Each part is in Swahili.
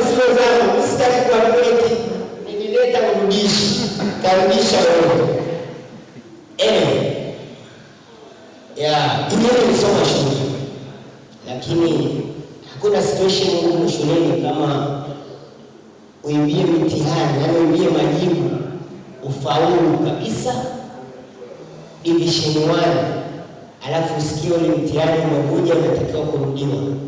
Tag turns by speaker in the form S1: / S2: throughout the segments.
S1: kama sio zangu sitaki kuameti, nikileta urudishi tarudisha wewe eh, ya ingine nisoma shule, lakini hakuna situation ngumu shuleni kama uimbie mtihani, yaani uimbie majibu ufaulu kabisa division 1 alafu usikie ule mtihani umekuja unatakiwa kurudiwa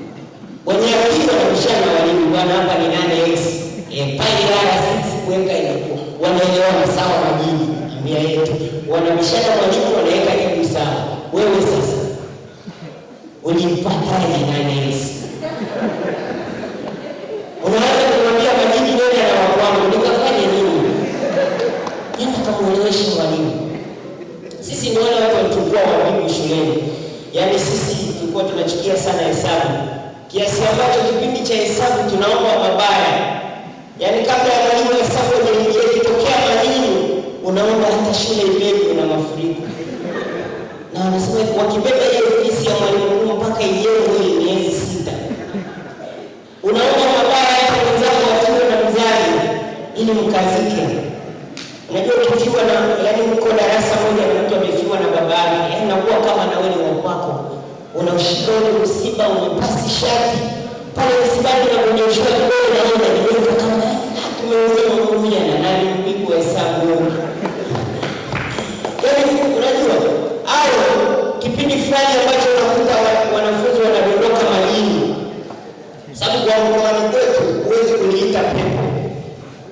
S1: Mwenye akili anabishana walimu, bwana hapa ni nane x eh pai haya sisi kuweka inakuwa wanaelewana sawa, majini mia yetu wanabishana, mwalimu wanaweka jibu sawa. Wewe sasa ulimpata ni nane x unaanza kumwambia majini wewe na wakwangu nikafanye nini? Nenda kamueleweshe mwalimu. Sisi ni wale watu walitumbua walimu shuleni, yaani sisi tulikuwa tunachukia sana hesabu kiasi ambacho kipindi cha hesabu tunaomba mabaya, yaani kabla ya mwalimu hesabu ikitokea mwalimu unaomba hata shule ibebwe na mafuriko, na wanasema wakibeba hiyo ofisi ya mwalimu mkuu mpaka ijengwe ile miezi sita, unaomba mabaya hata wenzako wafiwe na mzazi ili mkazike. Unajua ukifiwa na yaani, mko darasa moja na mtu amefiwa na baba yake, yaani nakuwa kama na wewe wa kwako unaushinda ule msiba, unapasi shati pale msibani na kunyosha kidole na wewe unajiweka kama tumeuza mambo na nani mpiku wa hesabu yaani, unajua au kipindi fulani ambacho unakuta wanafunzi wanadondoka majini, sababu kwa mkoani kwetu huwezi kuliita pepo.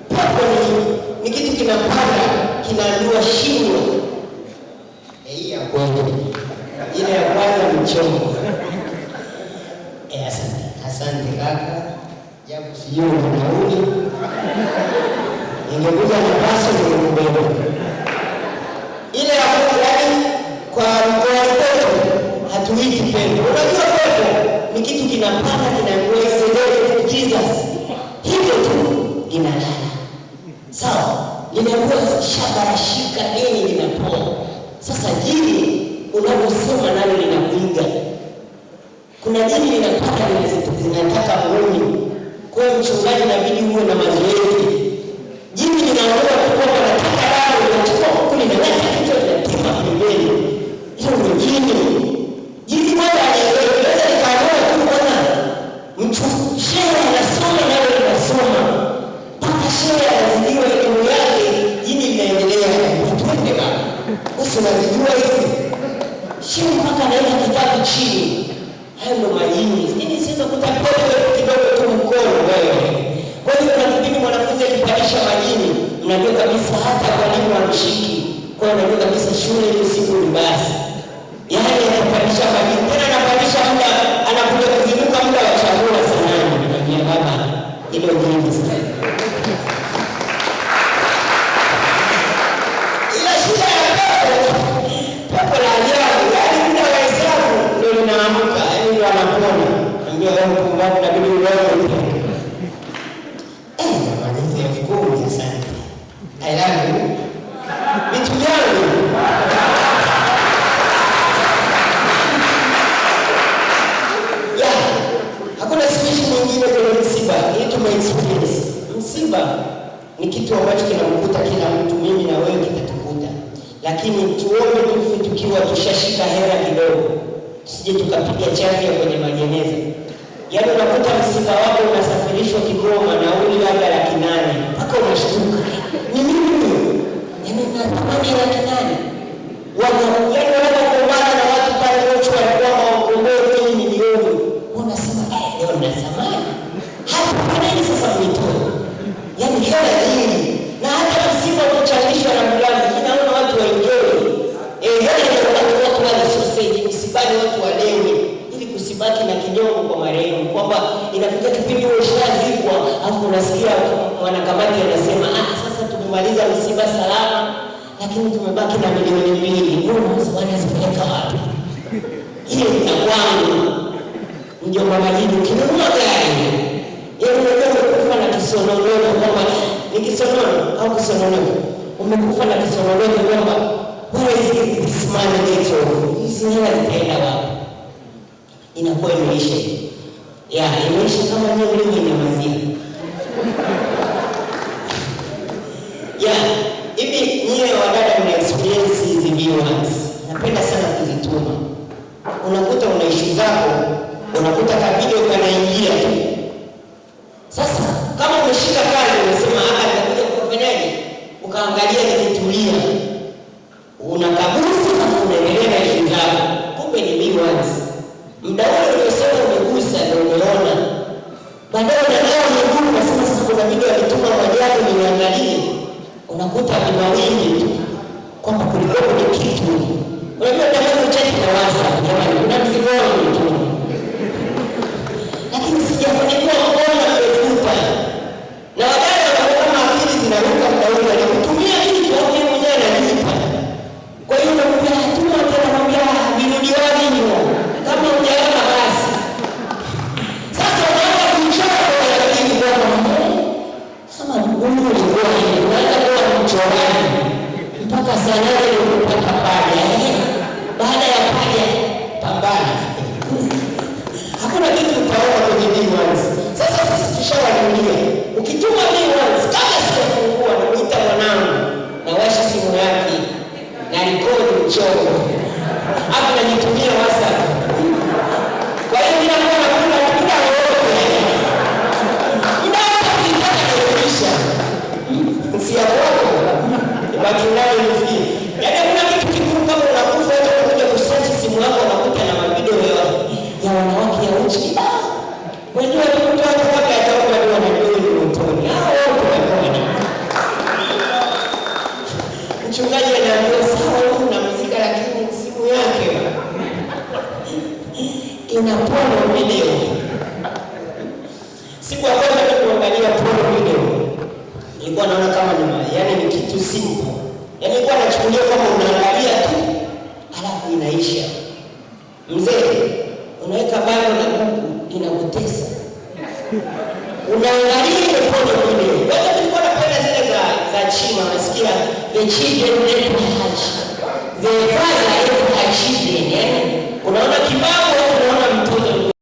S1: Pepo ni, ni kitu kinapanda kinaandua shingo hii ya kweli ile ya kwanza mchongo. Eh, asante asante kaka, japo sijui nauli ingekuja na basi ningekubeba ile yaani, kwa mkoa wetu hatuiti pepo. Unajua pepo ni kitu kinapanda kinakuwa Jesus hivyo tu inalala sawa, linakuwa shabarashika nini, linapoa sasa jini lakini ninataka ninataka muone kwa mchungaji, na bidii uwe na mazoezi. Jini ninaona kwa nataka bado nataka huku ninaweka kitu cha tima pembeni, hiyo ni jini. Jini moja anaweza nikaona tu bwana, mtu shehe anasoma na nawe unasoma mpaka shehe anazidiwa elimu yake, jini inaendelea utende usinazijua hizi shehe mpaka anaweka kitabu chini hayo majini. Nini siweza kuta kidogo tu mkono wewe. Kwa hiyo kuna kipindi mwanafunzi akipandisha majini, mnajua kabisa hata mwalimu amshiki. Kwa hiyo mnajua kabisa shule hiyo siku ni basi experience. Msiba ni kitu ambacho kinamkuta kila mtu, mimi na wewe kitatukuta, lakini tuombe tufe tukiwa tushashika hela kidogo, tusije tukapiga chafya kwenye majeneza. Yaani unakuta msiba wako unasafirishwa Kigoma, nauli labda laki nane, mpaka unashtuka ni nini? Yaani natamani laki nane yaani usibaki na kidogo kwa marehemu, kwamba inafika kipindi ushazikwa, afu unasikia mwanakamati anasema ah, sasa tumemaliza msiba salama, lakini tumebaki na milioni mbili, anazipeleka wapi? Hiyo ni kwangu mjomba Majidu, kinunua gari yaani umekufa na kisononono, kwamba ni kisonono au kisononono, umekufa na kisononono kwamba hizi hela zitaenda wapi? inakuwa imeisha ya imeisha kama nyewe mimi nimazia ya hivi. Nyewe wadada mna experience hizi viewers, napenda sana kuzituma. Unakuta una zako, unakuta ka ukanaingia tu. Sasa kama umeshika kazi, unasema ah, nitakuja kufanyaje, ukaangalia nikitulia, unakabusi, unaendelea na issue zako, kumbe ni viewers Mungu alituma ni niangalie, unakuta ni mawili tu, kwamba kulikuwa kuna kitu. Unajua, jamani, uchache na wasa, jamani, una mzigo tu Ukituma mimi once kama sijafungua nikuita mwanangu, nawasha simu yake na rekodi mchoro hapo, najitumia WhatsApp. Kwa hiyo mimi nakuwa nakula muda wote, muda wote ukitaka msia wako baki nayo hivi, yaani kuna kitu kikuu kama unakufa hata unakuja kusearch simu yako unakuta na mavideo ya wanawake ya uchi ah! wenyewe the children led by Hajj. The father